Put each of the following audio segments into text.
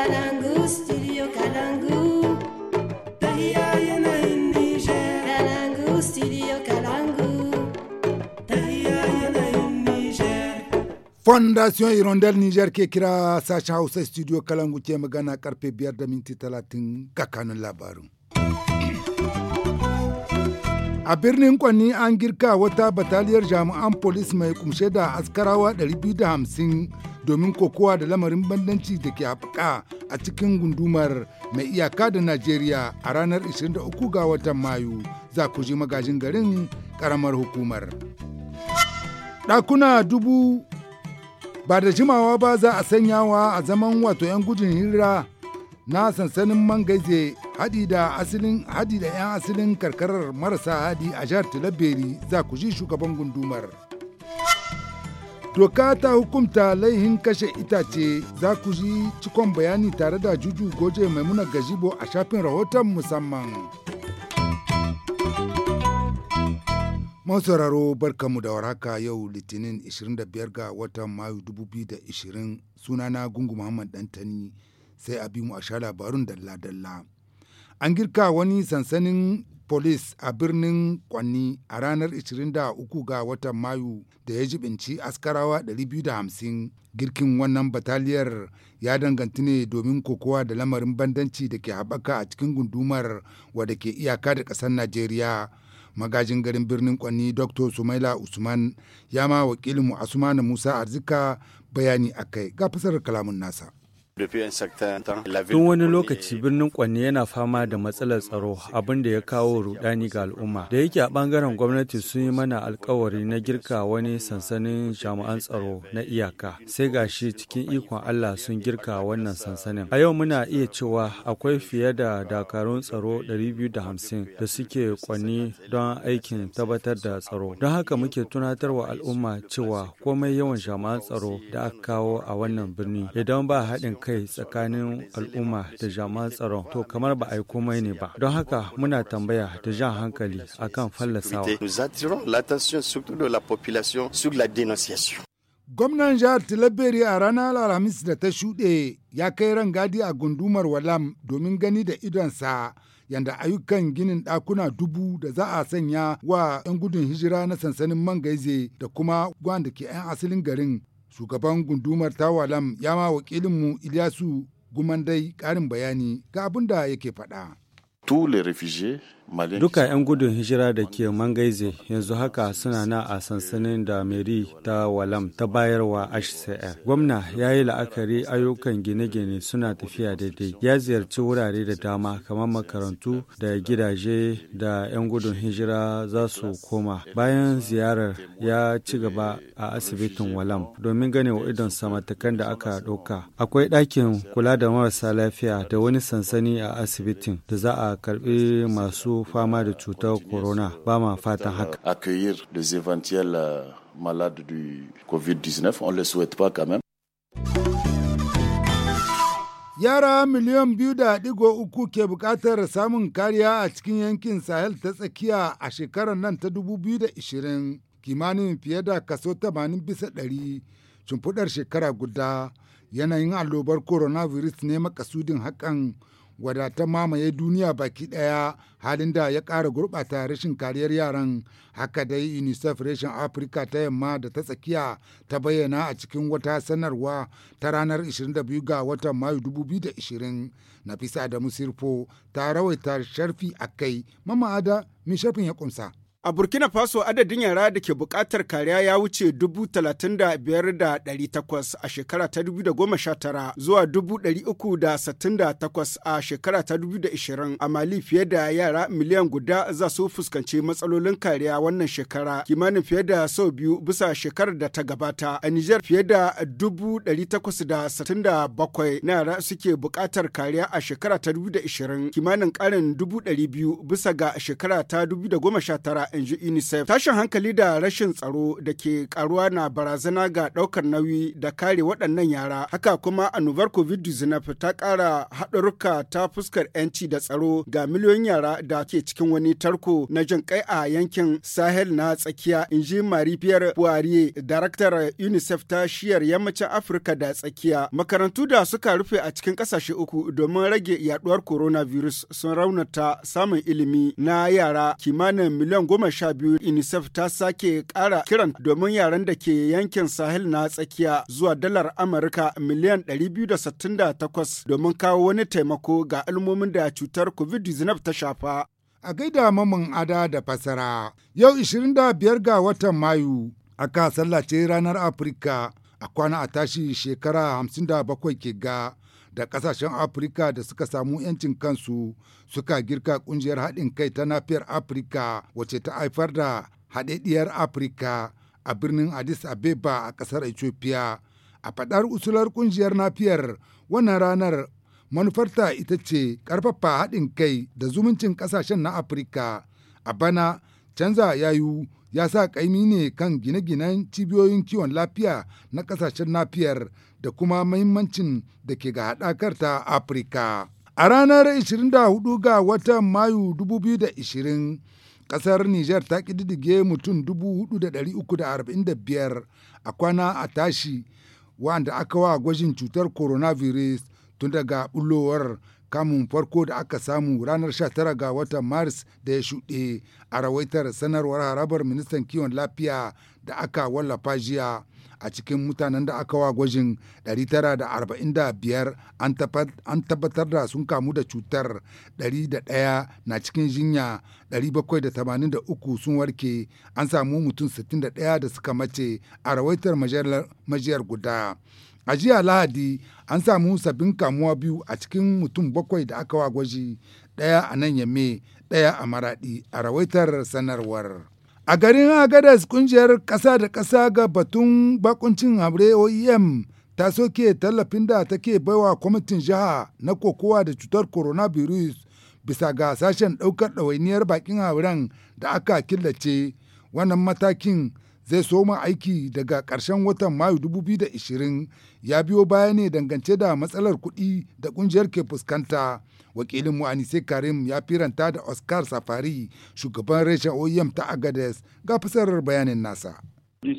Kalangu, studio Kalangu. Fondation Hirondelle Niger ke kira sashen Hausa studio Kalangu ke magana karfe biyar da minti talatin kakanin labarin. a birnin kwanni an girka wata bataliyar jami'an polis mai kumshe da askarawa 250 domin kokowa da lamarin bandanci da ke haɓaka a cikin gundumar mai iyaka da Najeriya a ranar 23 ga watan Mayu za ku ji magajin garin karamar hukumar. Ɗakuna dubu ba da jimawa ba za a sanyawa a zaman wato 'yan gudun hira na sansanin mangaize haɗi da asilin haɗi da 'yan asalin karkarar marasa haɗi a jihar Tilaberi za ku ji shugaban gundumar. Doka ta hukumta laihin kashe itace za ku ji cikon bayani tare da Juju Goje Maimuna Gajibo a shafin rahoton musamman. Masauraro barkamu da waraka yau Litinin 25 ga watan Mayu 2020 sunana Gungu Muhammad Dantani sai a bi a sha labarun dalla-dalla. An girka wani sansanin polis a birnin Kwanni a ranar 23 ga watan Mayu da ya jibinci askarawa 250 girkin wannan bataliyar ya danganti ne domin kokowa da lamarin bandanci da ke haɓaka a cikin gundumar wadda ke iyaka da ƙasar Najeriya. magajin garin birnin kwanni dr sumaila usman ya ma wakilinmu asumana musa arzika bayani akai ga fasarar kalamun nasa Tun wani lokaci birnin Kwanne yana fama da matsalar tsaro abin da ya kawo rudani ga al'umma. Da yake a bangaren gwamnati sun yi mana alkawari na girka wani sansanin jami'an tsaro na iyaka. Sai gashi cikin ikon Allah sun girka wannan sansanin. A yau muna iya cewa akwai fiye da dakarun tsaro 250 da suke kwanni don aikin tabbatar da tsaro. Don haka muke wa al'umma cewa komai yawan jami'an tsaro da aka kawo a wannan birni idan ba haɗin kai kai tsakanin al'umma da jama'a tsaron to kamar ba a yi komai ne ba don haka muna tambaya da jan hankali akan fallasawa gwamnan jihar tilaberi a ranar alhamis da ta shuɗe ya kai ran gadi a gundumar walam domin gani da idonsa yanda ayyukan ginin ɗakuna dubu da za a sanya wa 'yan gudun hijira na sansanin mangaize da kuma wanda ke 'yan asalin garin Shugaban gundumar Tawalam ya ma wakilinmu Ilyasu Gumandai ƙarin bayani ga abin da yake faɗa. tous les réfugiés Duka 'yan gudun hijira da ke Mangaize yanzu haka suna na a sansanin da mary ta Walam ta bayarwa HCR. Gwamna ya yi la'akari ayyukan gine-gine suna tafiya daidai. Ya ziyarci wurare da dama kamar makarantu da gidaje da 'yan gudun hijira za su koma. Bayan ziyarar ya ci gaba a asibitin Walam domin gane wa idon samatakan da aka ɗauka. Akwai ɗakin kula da marasa lafiya da wani sansani a asibitin da za a karɓi masu fama da cutar corona ba ma fatan haka. Euh, Yara miliyan biyu da digo uku ke buƙatar samun kariya a cikin yankin Sahel ta tsakiya a shekarar nan ta 2020 kimanin fiye da kaso 80 bisa 100 shimfiɗar shekara guda yanayin allobar coronavirus ne makasudin hakan gwada ta mamaye duniya baki daya halin da ya kara gurɓata rashin kariyar yaran haka dai unicef rashin afirka ta yamma da ta tsakiya ta bayyana a cikin wata sanarwa ta ranar 22 ga watan mayu 2020 nafisa da musirfo ta rawaita sharfi a kai mama ada mai shafin ya kumsa A Burkina Faso adadin yara da ke buƙatar kariya ya wuce dubu talatin da da biyar ɗari takwas a shekara ta dubu da goma sha tara, zuwa dubu ɗari uku da da takwas a shekara ta dubu da ishirin. a Mali fiye da yara miliyan guda za su fuskanci matsalolin kariya wannan shekara kimanin fiye da sau biyu bisa shekarar da ta gabata. A Nijar fiye da dubu ɗari takwas da bakwai na yara suke buƙatar kariya a shekara ta dubu da ishirin, kimanin ƙarin dubu ɗari biyu bisa ga shekara ta dubu da goma sha tara. in ji unicef tashin hankali da rashin tsaro da ke karuwa na barazana ga daukar nauyi da kare waɗannan yara haka kuma annobar covid-19 ta ƙara haɗuruka ta fuskar 'yanci da tsaro ga miliyoyin yara da ke cikin wani tarko na jin kai a yankin sahel na tsakiya in ji marie pierre poirier daraktar unicef ta shiyar yammacin afirka da tsakiya makarantu da suka rufe a cikin ƙasashe uku domin rage yaduwar coronavirus sun raunata samun ilimi na yara kimanin miliyan goma goma sha biyu unicef ta sake kara kiran domin yaren da ke yankin sahel na tsakiya zuwa dalar amurka miliyan 268 domin kawo wani taimako ga almomin da cutar covid-19 ta shafa a gaida mamman ada da fasara yau 25 ga watan mayu aka sallace ranar afirka a kwana a tashi shekara 57 ke ga da kasashen Afirka da suka samu 'yancin kansu suka girka ƙungiyar haɗin kai ta nafiyar Afirka wacce ta haifar da haɗaɗɗiyar Afirka a birnin Addis Abeba a ƙasar Ethiopia. A faɗar usular ƙungiyar nafiyar wannan ranar manufarta ita ce ƙarfafa haɗin kai da zumuncin ƙasashen na Afirka. A bana canza yayu ya sa ƙaimi ne kan gine-ginen cibiyoyin kiwon lafiya na ƙasashen nafiyar da kuma mahimmancin da ke ga haɗakar ta Afirka. A ranar 24 ga watan Mayu 2020, ƙasar Niger ta ƙididdige mutum 4,345 a kwana a tashi wanda aka wa gwajin cutar coronavirus tun daga bullowar kamun farko da aka samu ranar 19 ga watan maris da ya shuɗe a rawaitar sanarwar harabar ministan kiwon lafiya da aka wallafa jiya a cikin mutanen da aka wa gwajin 945 an tabbatar da sun kamu da cutar 101 na cikin jinya 783 sun warke an samu mutum 61 da suka mace a rawaitar majiyar guda. A jiya Lahadi an samu sabbin kamuwa biyu a cikin mutum bakwai da aka wa gwaji ɗaya a nan yamme ɗaya a maraɗi a rawaitar sanarwar. A garin Agadas kungiyar ƙasa da ƙasa ga batun bakuncin hamre OEM ta soke tallafin da take baiwa kwamitin jiha na kokowa da cutar coronavirus bisa ga sashen ɗaukar ɗawainiyar bakin hauren da aka killace wannan matakin zai soma aiki daga ƙarshen watan Mayu 2020 ya biyo baya ne dangance da matsalar kuɗi da ƙungiyar ke fuskanta. Wakilin mu Anise Karim ya firanta da Oscar Safari, shugaban reshen OEM ta Agades ga fasarar bayanin nasa. Nan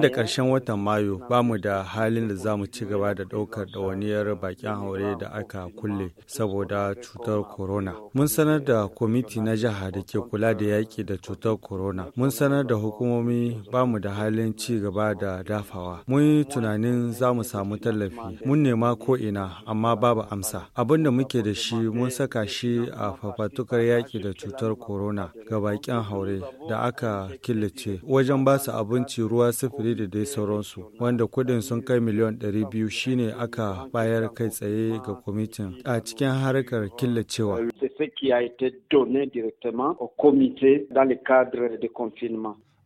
da ƙarshen watan Mayu ba mu da halin da za mu ci gaba da ɗaukar ɗawaniyar bakin haure da aka kulle saboda cutar corona. Mun sanar da kwamiti na jiha da ke kula da yaƙi da cutar corona. Mun sanar da hukumomi ba mu da halin ci gaba da dafawa. Mun yi tunanin za mu samu tallafi. Mun nema ko ina amma babu amsa. Abin da muke da shi mun saka shi a fafatukar yaƙi da cutar corona ga bakin haure da aka killace wajen ba su abinci ruwa sufuri da dai sauransu wanda kuɗin sun kai miliyan 200 shine aka bayar kai tsaye ga kwamitin a cikin harkar killacewa.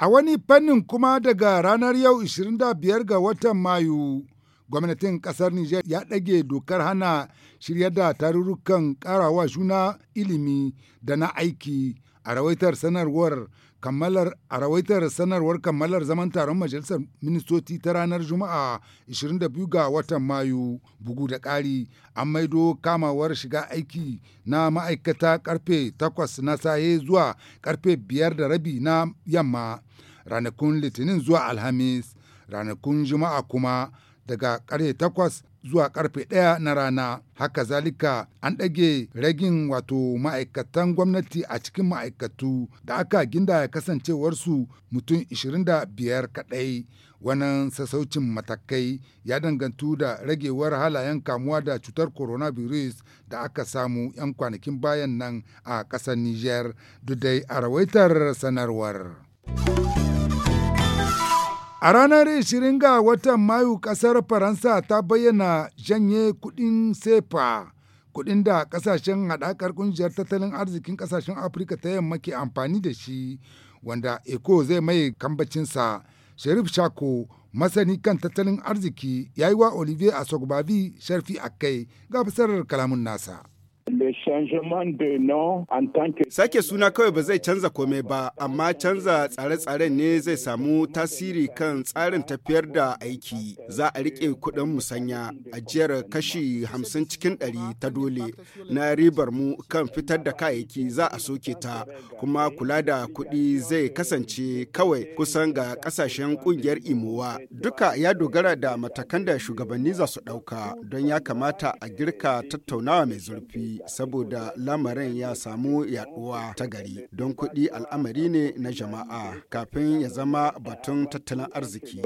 A wani fannin kuma daga ranar yau 25 ga watan Mayu, gwamnatin kasar Nijar ya ɗage dokar hana shirya da tarurrukan ƙarawa juna ilimi da na aiki a rawaitar sanarwar kammalar a rawaitar sanarwar kammalar zaman taron majalisar ministoci ta ranar juma'a 22 ga watan mayu bugu da ƙari an maido kamawar shiga aiki na ma'aikata karfe 8 na saye zuwa karfe 5 da rabi na yamma ranakun litinin zuwa alhamis ranakun juma'a kuma daga karfe 8 zuwa karfe ɗaya na rana haka zalika an ɗage ragin wato ma'aikatan gwamnati a cikin ma'aikatu da aka ginda ya kasancewarsu mutum 25 kaɗai wannan sassaucin matakai ya dangantu da ragewar halayen kamuwa da cutar coronavirus da aka samu 'yan kwanakin bayan nan a ƙasar niger dudai a rawaitar sanarwar. A ranar 20 ga watan Mayu kasar Faransa ta bayyana janye kudin sefa kudin da kasashen hadakar ƙungiyar tattalin arzikin kasashen Afirka ta yamma ke amfani da shi wanda eko zai mai kambacinsa. Sharif Shako masani kan tattalin arziki ya yi wa Olivier Asogbavi sharfi a kai ga fasarar kalamun nasa. Sake suna kawai ba zai canza komai ba, amma canza tsare tsare ne zai samu tasiri kan tsarin tafiyar da aiki. Za a riƙe kuɗin musanya, ajiyar kashi hamsin cikin ɗari ta dole na ribar mu kan fitar da kayayyaki za a soke ta, kuma kula da kuɗi zai kasance kawai kusan ga ƙasashen ƙungiyar imowa. Duka ya dogara da matakan da shugabanni za su ɗauka don ya kamata a girka tattaunawa mai zurfi. saboda lamarin ya samu yaduwa ta gari don kuɗi al'amari ne na jama'a kafin ya zama batun tattalin arziki.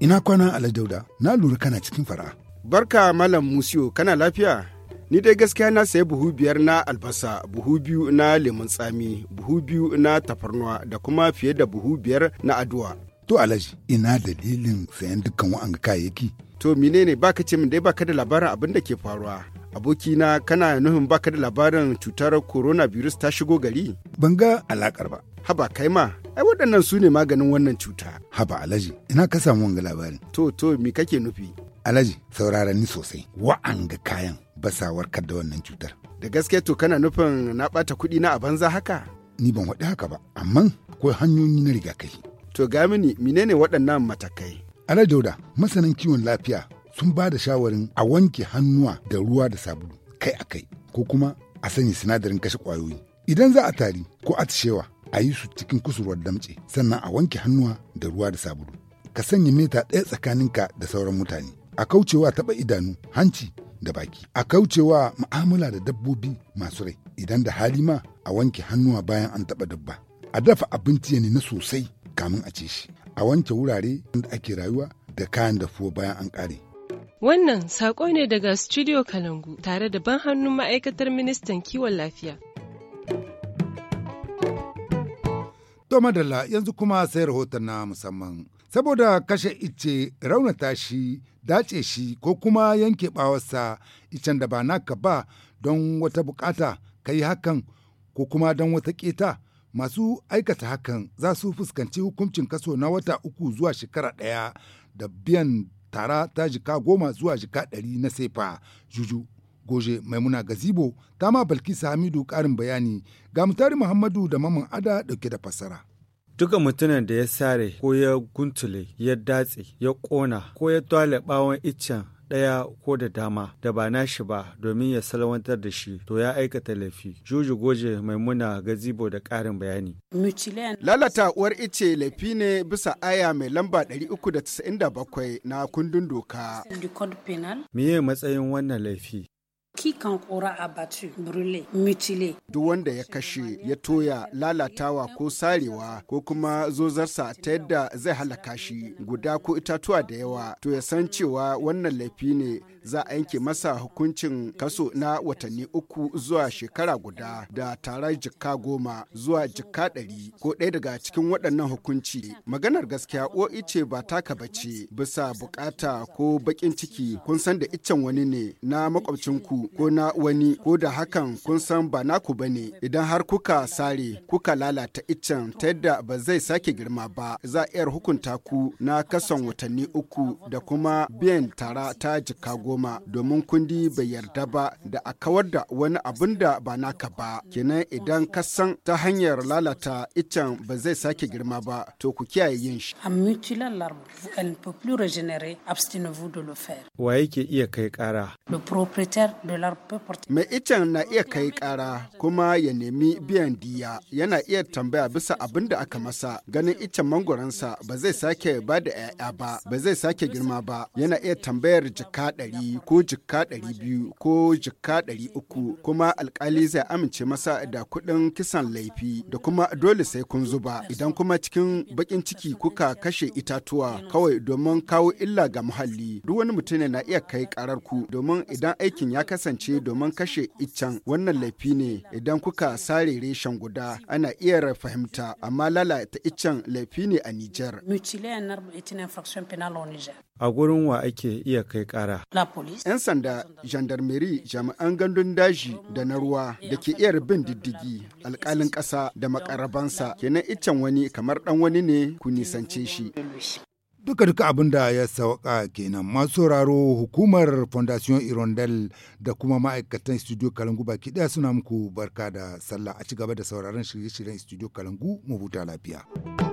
Ina kwana Aladauda, na lura kana cikin fara. Barka Malam Musiyo, kana lafiya? Ni dai gaskiya na sayi buhu biyar na albasa, buhu biyu na lemun tsami, buhu biyu na tafarnuwa da kuma fiye da buhu biyar na addu'a. To alaji ina dalilin sayan dukkan wa'anga kayayyaki. To menene baka ce min dai baka da labarin abin da ke faruwa. abokina kana nufin baka da labarin cutar coronavirus ta shigo gari? Ban ga alakar ba. Haba kai ma, ai waɗannan su ne maganin wannan cuta. Haba Alhaji, ina ka samu wanga labarin. To to me kake nufi? Alhaji, saurara ni sosai. Wa'anga kayan sa warkar da wannan cutar. Da gaske to kana nufin na bata kuɗi na a banza haka? Ni ban waɗi haka ba, amma akwai hanyoyi na rigakafi. To ga mini menene waɗannan matakai? Ana Dauda, masanin kiwon lafiya sun ba da shawarin a wanke hannuwa da ruwa da sabulu kai a kai ko kuma a sanya sinadarin kashe ƙwayoyi. Idan za a tari ko atishewa a yi su cikin kusurwar damce sannan a wanke hannuwa da ruwa da sabulu. Ka sanya mita ɗaya tsakaninka da sauran mutane. A kaucewa taɓa idanu, hanci da baki. A kaucewa mu'amala da dabbobi masu rai. Idan da hali ma a wanke hannuwa bayan an taɓa dabba. A dafa abinci ya na sosai kamin a ci shi a wanke wurare da ake rayuwa da kayan dafuwa bayan an ƙare. Wannan saƙo ne daga Studio Kalangu tare da ban hannun ma'aikatar ministan kiwon lafiya. To madalla yanzu kuma sai rahoton na musamman. Saboda kashe ice raunata shi, dace shi ko kuma yanke bawarsa icen da ba naka ba don wata bukata ka yi hakan ko kuma don wata ƙeta. masu aikata hakan za su fuskanci hukuncin kaso na wata uku zuwa shekara ɗaya da biyan tara ta jika goma zuwa jika ɗari na sefa juju goje maimuna gazibo ta ma balkisa hamidu karin bayani ga mutari muhammadu da maman ada ɗauke da fassara duka mutumin da ya sare ko ya guntule ya datse ya ƙona ko ya tale ɓawon iccen ɗaya ko da dama da ba nashi ba domin ya salwantar da shi to ya aikata laifi. Juju goje maimuna gazibo da ƙarin bayani. Lalata uwar ice laifi ne bisa aya mai lamba 397 na kundin doka. Miye matsayin wannan laifi? kikan kura a batu brule mutile duk wanda ya kashe ya toya lalatawa ko sarewa ko kuma zozarsa ta yadda zai halaka shi guda ko itatuwa da yawa to ya san cewa wannan laifi ne za a yanke masa hukuncin kaso na watanni uku zuwa shekara guda da tara jikka goma zuwa jikka ɗari ko ɗaya daga cikin waɗannan hukunci. Maganar gaskiya o ice ba taka bace bisa bukata ko baƙin ciki kun san da iccen wani ne na makwabcinku ko na wani ko da hakan kun san ba naku ba ne idan har kuka sare kuka lalata iccen ta yadda ba zai sake girma ba za a iya hukunta ku na kason watanni uku da kuma biyan tara ta jikka goma. goma domin kundi bai yarda ba da a kawar da wani abin da ba naka ba kenan idan ka san ta hanyar lalata iccen ba zai sake girma ba to ku kiyaye yin shi. Wa yake iya kai kara? Mai iccen na iya kai kara kuma ya nemi biyan diya yana iya tambaya bisa abin da aka masa ganin iccen mangoransa ba zai sake ba da 'ya'ya ba ba zai sake girma ba yana iya tambayar jaka ɗari ɗari ko jikka ɗari biyu ko jikka ɗari uku kuma alkali zai amince masa da kuɗin kisan laifi da kuma dole sai kun zuba idan kuma cikin baƙin ciki kuka kashe itatuwa kawai domin kawo illa ga muhalli duk wani mutum na iya kai karar ku domin idan aikin ya kasance domin kashe iccen wannan laifi ne idan kuka sare reshen guda ana iya fahimta amma lalata iccen laifi ne a Nijar. a gurin wa ake iya kai kara. 'Yan sanda, gendarmerie jami'an gandun daji da na ruwa da ke iya bin diddigi alkalin ƙasa da makarabansa kenan iccen wani kamar dan wani ne ku nisance shi. duka duka abin da ya sauka kenan masu sauraro hukumar fondation irondel da kuma ma'aikatan studio kalangu baki daya suna muku barka da sallah a ci gaba da sauraron shirye-shiryen studio kalangu mu huta lafiya.